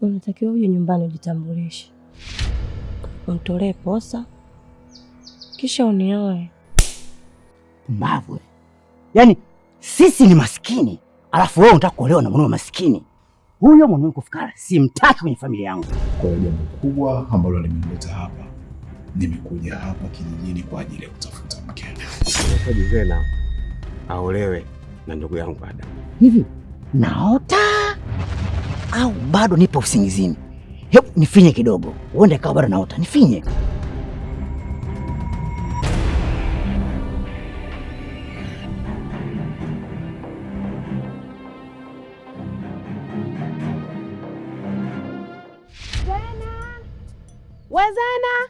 unatakiwa uje nyumbani ujitambulishe, untolee posa, kisha unioe. Mbavwe, Yaani sisi ni maskini, alafu wewe unataka kuolewa na mwanaume maskini. Huyo mwanaume kufikara, simtaki kwenye familia yangu. Kwa hiyo jambo kubwa ambalo limenileta hapa, nimekuja hapa kijijini kwa ajili ya kutafuta mke. Nataka Zena aolewe na ndugu yangu Ada. Hivi naota au bado nipo usingizini? Hebu nifinye kidogo, uende kawa bado naota, nifinye wazana.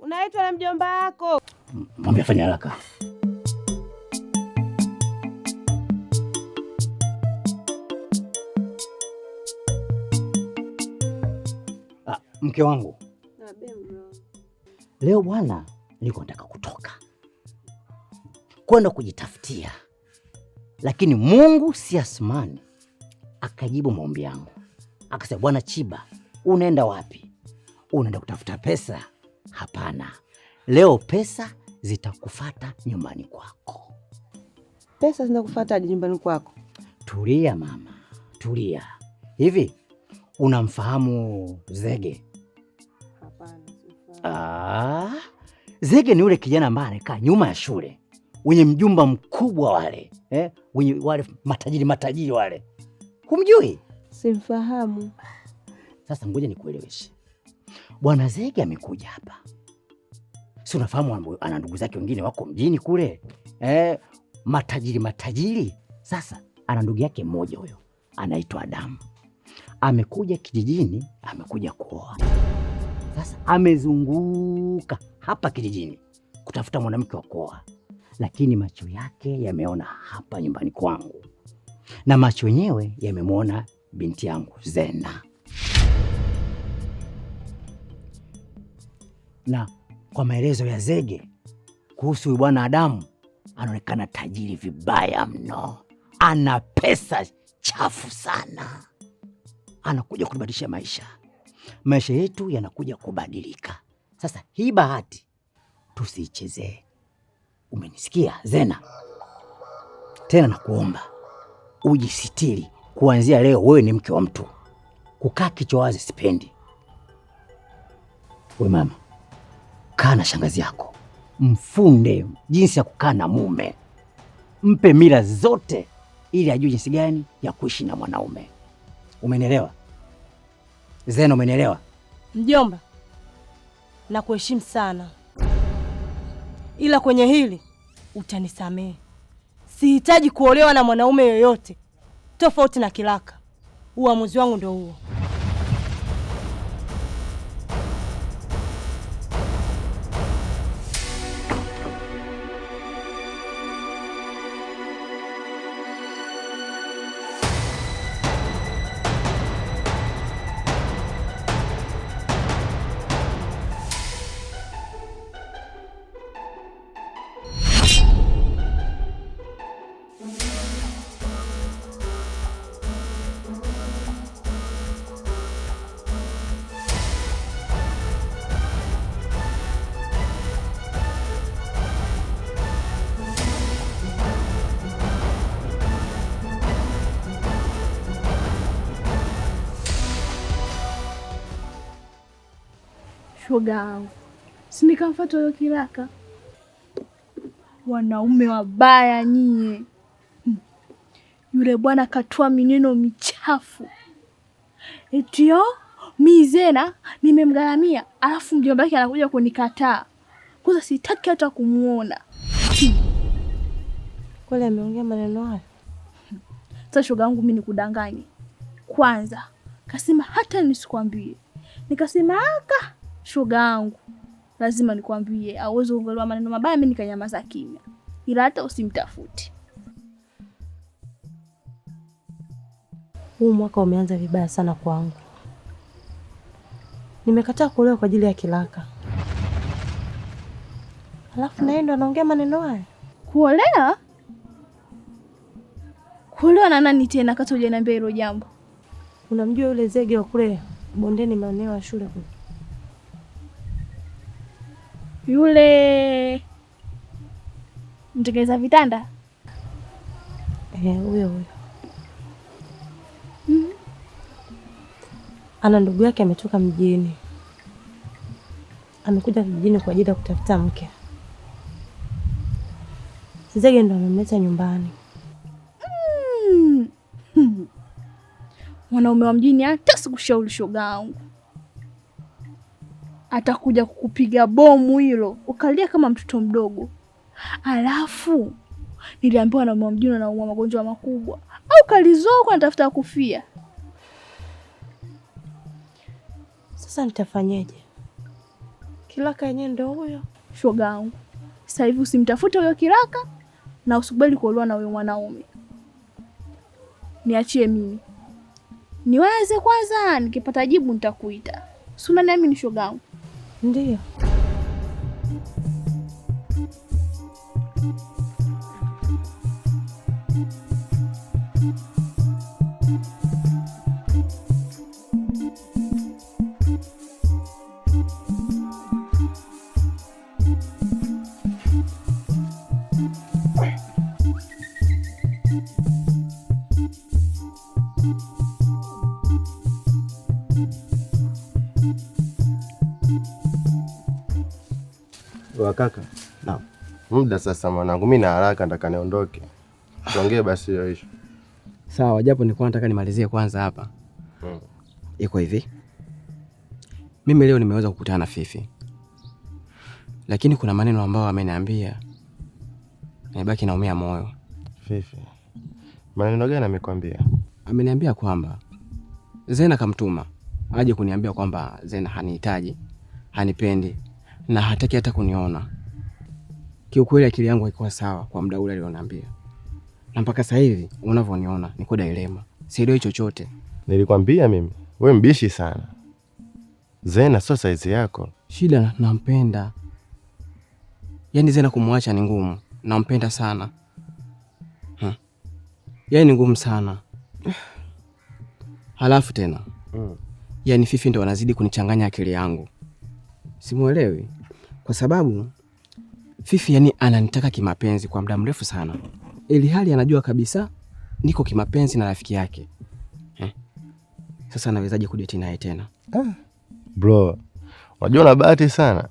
Unaitwa na mjomba wako, mwambie afanye haraka. mke wangu leo bwana, niko nataka kutoka kwenda kujitafutia, lakini Mungu si Asmani akajibu maombi yangu, akasema bwana Chiba, unaenda wapi? Unaenda kutafuta pesa? Hapana, leo pesa zitakufata nyumbani kwako. Pesa zinakufata hadi nyumbani kwako? Tulia mama, tulia. Hivi unamfahamu Zege? Ah. zege ni ule kijana ambaye anakaa nyuma ya shule wenye mjumba mkubwa wale eh? wenye wale matajiri matajiri wale, humjui? Simfahamu. Sasa ngoja nikueleweshe, bwana Zege amekuja hapa, si unafahamu ana ndugu zake wengine wako mjini kule eh? matajiri matajiri. Sasa ana ndugu yake mmoja huyo anaitwa Adamu, amekuja kijijini, amekuja kuoa sasa amezunguka hapa kijijini kutafuta mwanamke wa kuoa, lakini macho yake yameona hapa nyumbani kwangu, na macho yenyewe yamemwona binti yangu Zena, na kwa maelezo ya Zege kuhusu huyu bwana Adamu, anaonekana tajiri vibaya mno, ana pesa chafu sana, anakuja kubadilisha maisha maisha yetu yanakuja kubadilika. Sasa hii bahati tusiichezee, umenisikia Zena? Tena nakuomba ujisitiri kuanzia leo, wewe ni mke wa mtu, kukaa kichwa wazi sipendi. We mama, kaa na shangazi yako, mfunde jinsi ya kukaa na mume, mpe mila zote ili ajue jinsi gani ya kuishi na mwanaume. Umenielewa? Zeno, umenielewa? Mjomba, nakuheshimu sana, ila kwenye hili utanisamehe. Sihitaji kuolewa na mwanaume yoyote tofauti na Kilaka. Uamuzi wangu ndio huo. shoga wangu, si nikamfuata huyo kiraka. Wanaume wabaya nyie! Hmm. Yule bwana katoa mineno michafu etio oh, mizena nimemgaramia alafu mjomba wake anakuja kunikataa. Kwanza sitaki hata kumwona. Hmm. Kweli ameongea maneno hayo? Sasa shoga wangu, mimi nikudanganye? Kwanza kasema hata nisikwambie, nikasema aka shoga yangu, lazima nikwambie, auwezi kuongelewa maneno mabaya, mi nikanyamaza kimya, ila hata usimtafuti. Huu mwaka umeanza vibaya sana kwangu. Nimekataa kuolewa kwa ajili ya Kilaka, alafu naye ndo anaongea maneno haya. Kuolewa? Kuolewa na nani tena? Kata hujaniambia hilo jambo. Unamjua yule zege wa kule bondeni maeneo ya shule kule yule mtengeneza vitanda eh, huyo, huyo mm -hmm. Ana ndugu yake ametoka mjini, amekuja mjini kwa ajili ya kutafuta mke. Zege ndo amemleta nyumbani. Mm. Mwanaume mm. wa mjini hata sikushauri shoga wangu atakuja kukupiga bomu hilo ukalia kama mtoto mdogo. Alafu niliambiwa na mama Mjuna naumwa magonjwa makubwa, au kalizoko natafuta kufia. Sasa nitafanyeje? Kiraka yenyewe ndo huyo shoga yangu. Sasa hivi usimtafute huyo kiraka na usikubali kuolewa na huyo mwanaume. Niachie mimi niwaze kwanza, nikipata jibu nitakuita. Si shoga shogangu? 근데요. Sawa kaka. Naam. Muda sasa mwanangu, mimi na haraka nataka niondoke. Tuongee basi hiyo hiyo. Sawa, japo nilikuwa nataka nimalizie kwanza hapa. Hmm. Iko hivi. Mimi leo nimeweza kukutana na Fifi. Lakini kuna maneno ambayo ameniambia. Nimebaki naumia moyo. Fifi. Maneno gani amekwambia? Ameniambia kwamba Zena kamtuma aje kuniambia kwamba Zena hanihitaji, hanipendi na hataki hata kuniona. Kiukweli akili yangu haikuwa sawa kwa muda ule alioniambia, na mpaka sasa hivi unavyoniona niko dilema, sielewi chochote. Nilikwambia mimi we mbishi sana, Zena sio saizi yako. Shida nampenda, yaani Zena kumwacha ni ngumu, nampenda sana Yaani ni ngumu sana halafu tena mm. Yaani Fifi ndo wanazidi kunichanganya akili yangu Simuelewi kwa sababu Fifi yani ananitaka kimapenzi kwa muda mrefu sana, ili hali anajua kabisa niko kimapenzi na rafiki yake eh. Sasa anawezaje kudeti naye tena ah? Bro, unajua na bahati sana,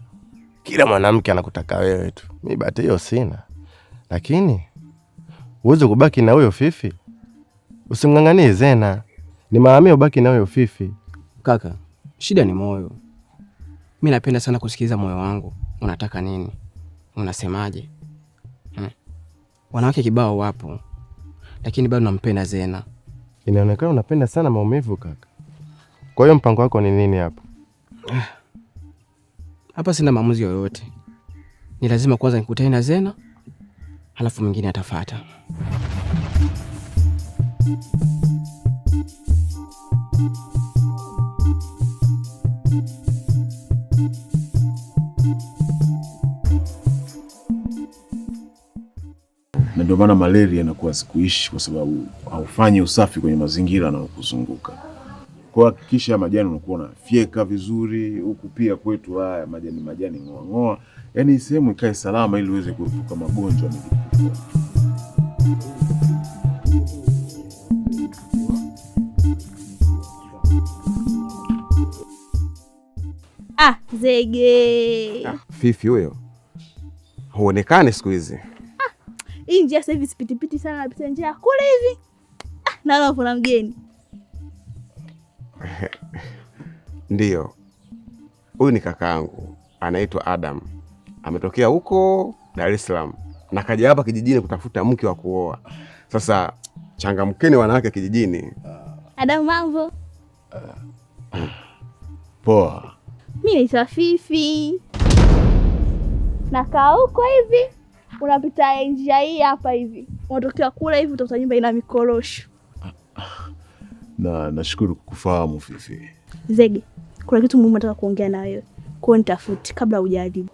kila mwanamke anakutaka wewe tu. Mi bahati hiyo sina, lakini uweze kubaki na huyo Fifi, usimng'ang'anie Zena, ni maamia ubaki na huyo Fifi. Kaka, shida ni moyo mi napenda sana kusikiliza moyo wangu, unataka nini, unasemaje hmm. Wanawake kibao wapo, lakini bado nampenda Zena. Inaonekana unapenda sana maumivu kaka. Kwa hiyo mpango wako ni nini hapo Hapa sina maamuzi yoyote, ni lazima kwanza nikutane na Zena halafu mwingine atafata. ndio maana malaria inakuwa sikuishi, kwa sababu haufanyi usafi kwenye mazingira yanayokuzunguka. Kwa hakikisha majani unakuwa unafyeka vizuri. Huku pia kwetu haya majani majani ng'oa ng'oa, yaani sehemu ikae salama, ili uweze kuepuka magonjwa. Ah, zege ah, fifi huyo huonekane siku hizi. Hii njia sasa hivi sipitipiti sana, napita njia kule hivi ah, naona kuna mgeni Ndio, huyu ni kaka yangu anaitwa Adam, ametokea huko Dar es Salaam na kaja hapa kijijini kutafuta mke wa kuoa. Sasa changamkeni wanawake kijijini. Adam, mambo? poa. Mi naitwa Fifi, nakaa huko hivi unapita njia hii hapa hivi, unatokea kula hivi, utakuta nyumba ina mikorosho. Na nashukuru kukufahamu Fifi. Zege, kuna kitu muhimu nataka kuongea na wewe, kwa nitafuti kabla hujaribu.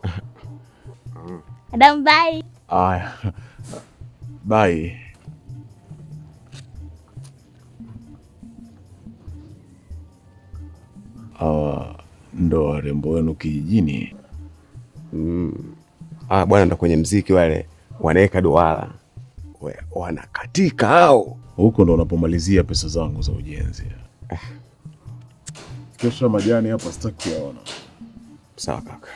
Adam, bye. Aya, bye. Hawa ndo warembo wenu kijijini? mm ah, bwana ndo kwenye mziki wale wanaweka duara wanakatika hao. Huko ndo unapomalizia pesa zangu za ujenzi. Ah. Kesha majani hapa sitaki kuyaona. Sawa kaka.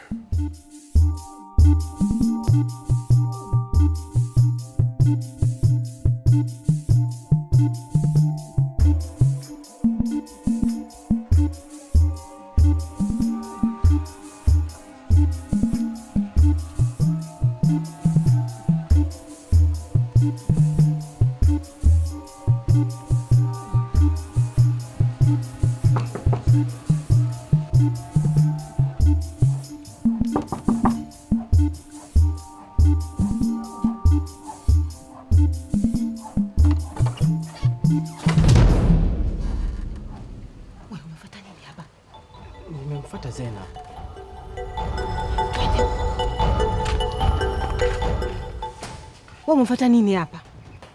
umemfuata nini hapa?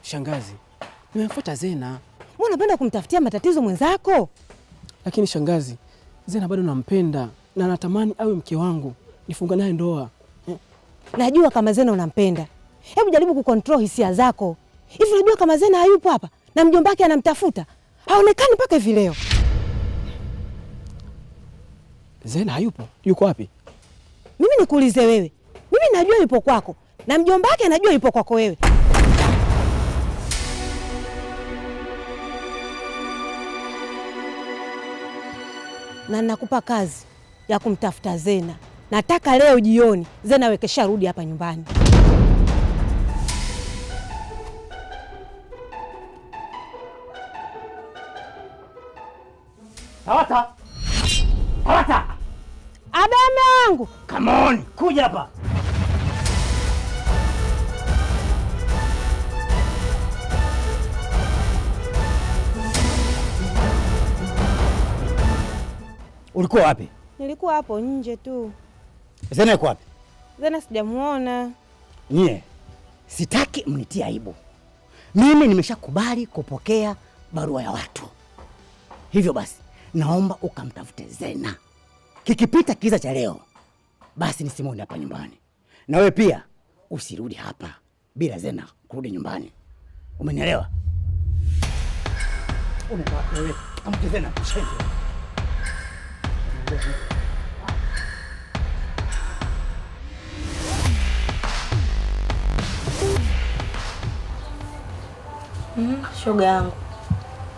Shangazi, nimemfuata Zena. Wewe unapenda kumtafutia matatizo mwenzako? Lakini shangazi, Zena bado nampenda na natamani awe mke wangu, nifunga naye ndoa. Eh? Najua kama Zena unampenda, hebu jaribu kucontrol hisia zako. Hivi unajua kama Zena hayupo hapa na mjomba wake anamtafuta, haonekani mpaka hivi leo. Zena hayupo? Yuko wapi? Mimi nikuulize wewe, mimi najua yupo kwako na mjomba wake anajua yupo kwako wewe. Na nakupa kazi ya kumtafuta Zena. Nataka leo jioni Zena wekesha rudi hapa nyumbani. Tawata. Tawata. Adame wangu. Come on, kuja hapa. Ulikuwa wapi? Nilikuwa hapo nje tu. Zena yuko wapi? Zena sijamuona. nie sitaki mnitie aibu. Mimi nimeshakubali kupokea barua ya watu, hivyo basi naomba ukamtafute Zena. Kikipita kiza cha leo, basi nisimuone hapa nyumbani, na wewe pia usirudi hapa bila Zena kurudi nyumbani. Umenielewa? Zena. Mm, shoga yangu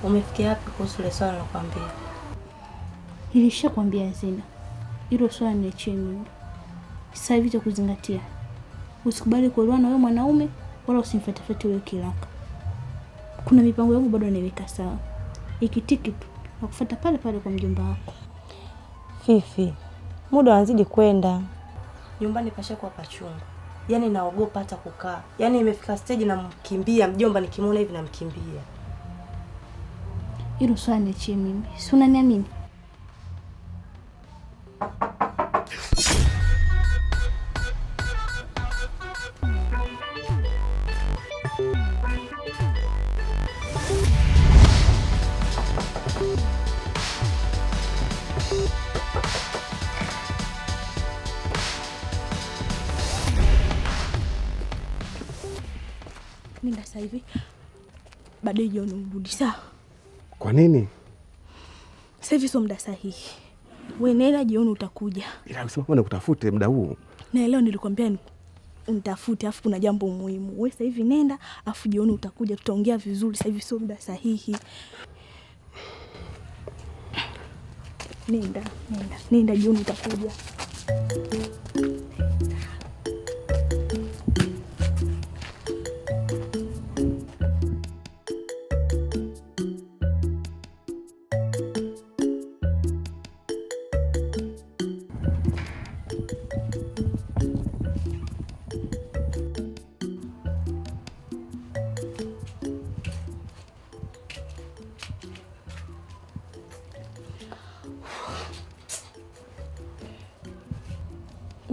umefikia wapi kuhusu ile swala nakwambia? Nilishakwambia Zina, hilo swala niachie mimi. Sasa hivi cha kuzingatia, usikubali kuolewa na wewe mwanaume, wala usimfuatifuate wewe kiraka. Kuna mipango yangu bado naiweka sawa, ikitiki tu nakufuata pale pale kwa mjomba wako. Fifi, muda wanzidi kwenda. Nyumbani pashakuwa pachungu, yaani naogopa hata kukaa, yaani imefika stage namkimbia mjomba, nikimwona hivi namkimbia. Hilo swala niachie mimi, si unaniamini? sasa hivi, baadaye jioni urudi. Sawa? Kwa nini sasa hivi? Sio muda sahihi. Wewe nenda jioni utakuja, ila usema na kutafute muda huu. Na leo nilikwambia nitafute, afu kuna jambo muhimu. Wewe sasa hivi nenda, afu jioni utakuja, tutaongea vizuri. Sasa hivi sio muda sahihi. Nenda, nenda, nenda, jioni utakuja.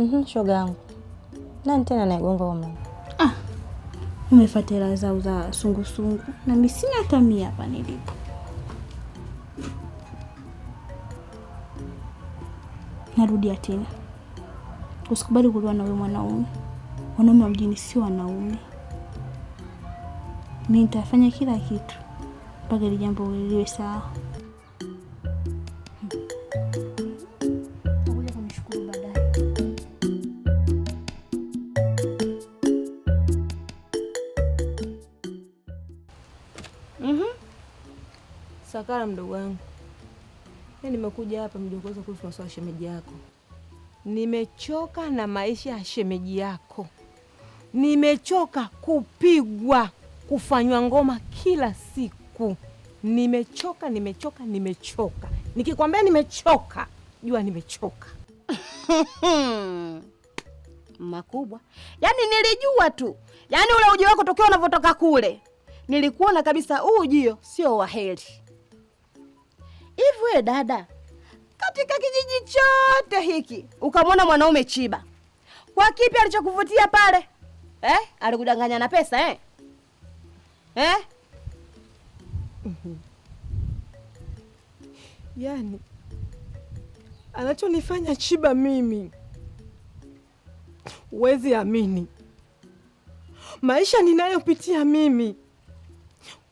Mhm, shoga yangu. Nani tena anayegonga huko Ah. Umefuata hela zao za sungu sungu na mimi sina hata mia hapa nilipo. Narudia tena. Usikubali kuliwa na wewe mwanaume. Wanaume wa mjini sio wanaume. Mimi nitafanya kila kitu mpaka ile jambo liwe sawa. Kala mdogo wangu, yaani nimekuja hapa mjongozwa kuhusu masuala ya shemeji yako. Nimechoka na maisha ya shemeji yako, nimechoka kupigwa, kufanywa ngoma kila siku. Nimechoka, nimechoka, nimechoka. Nikikwambia nimechoka, jua nimechoka. Makubwa, yaani nilijua tu, yaani ule uji wako tokea unavyotoka kule, nilikuona kabisa huu ujio sio wa heri. Hivi we dada, katika kijiji chote hiki ukamwona mwanaume chiba, kwa kipi alichokuvutia pale eh? Alikudanganya na pesa eh? Eh? Yani anachonifanya chiba mimi huwezi amini, maisha ninayopitia mimi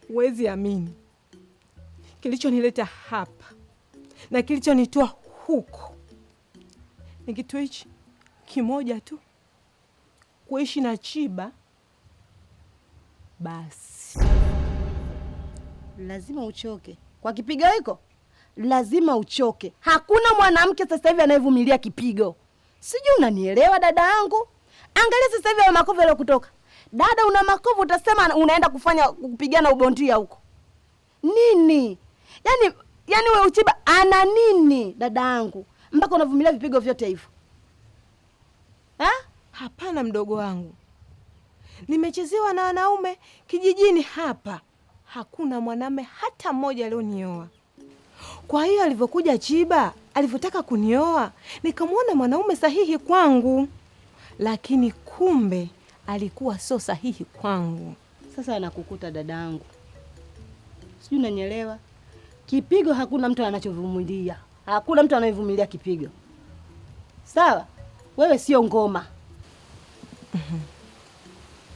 huwezi amini kilichonileta hapa na kilichonitoa huko ni kitu hichi kimoja tu, kuishi na Chiba. Basi lazima uchoke kwa kipigo hiko, lazima uchoke. Hakuna mwanamke sasa hivi anayevumilia kipigo, sijui unanielewa dada yangu? Angalia sasa hivi ayo makovu yaliyokutoka dada, una makovu utasema unaenda kufanya kupigana ubondia huko nini? yani yani we Uchiba ana nini yangu mpaka unavumilia vipigo vyote hivyo? Ha? Hapana mdogo wangu. Nimechezewa na wanaume kijijini hapa. Hakuna mwanaume hata mmoja alionioa. Kwa hiyo alivyokuja Chiba, alivyotaka kunioa, nikamwona mwanaume sahihi kwangu, lakini kumbe alikuwa sio sahihi kwangu. Sasa anakukuta dadangu, sijui unanielewa? Kipigo hakuna mtu anachovumilia, hakuna mtu anayevumilia kipigo. Sawa, wewe sio ngoma. mm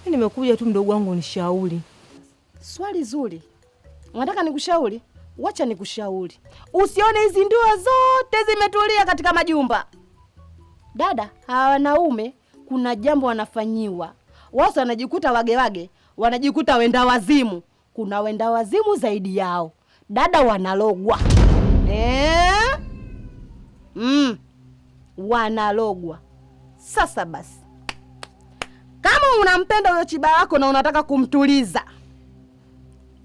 Mi nimekuja tu mdogo wangu nishauri. Swali zuri, unataka nikushauri? Wacha nikushauri, usione hizi ndoa zote zimetulia katika majumba. Dada, hawa wanaume kuna jambo wanafanyiwa wao, wanajikuta wagewage, wanajikuta wenda wazimu. Kuna wenda wazimu zaidi yao dada wanalogwa eh? mm. wanalogwa. Sasa basi, kama unampenda huyo chiba wako na unataka kumtuliza,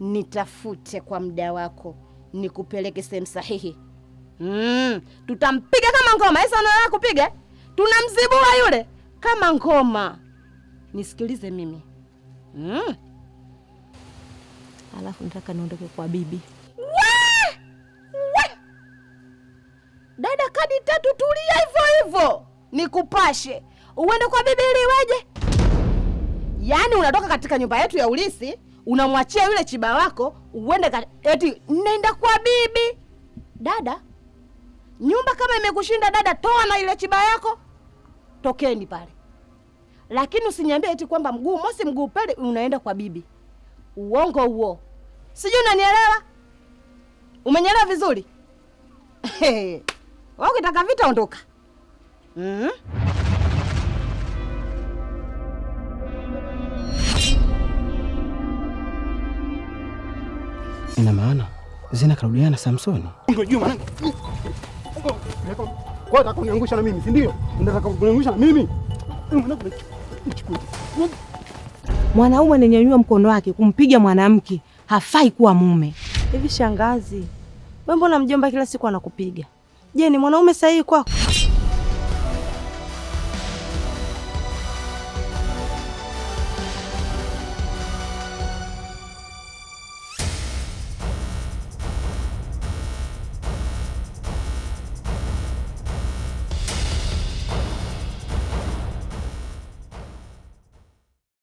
nitafute kwa muda wako nikupeleke sehemu sahihi. Mm. Tutampiga kama ngoma hisa naaa kupiga, tunamzibua yule kama ngoma. Nisikilize mimi mm. Alafu nataka niondoke kwa bibi Dada, kadi tatu, tulia hivyo hivyo, nikupashe uende kwa bibi ili waje. Yaani unatoka katika nyumba yetu ya ulisi unamwachia yule chiba wako uende kat... eti nenda kwa bibi. Dada, nyumba kama imekushinda dada, toa na ile chiba yako, tokeni pale, lakini usiniambie eti kwamba mguu mosi mguu pili unaenda kwa bibi. Uongo huo, sijui unanielewa? Umenielewa vizuri? Wewe ukitaka vita ondoka. Mm -hmm. Ina maana zina karudiana Samsoni. Unajua maana? Kwa nini kuniangusha na mimi, si ndio? Unataka kuniangusha na mimi? Mwanaume ananyanyua mkono wake kumpiga mwanamke hafai kuwa mume. Hivi shangazi, wewe mbona mjomba kila siku anakupiga? Je, ni mwanaume sahihi kwako?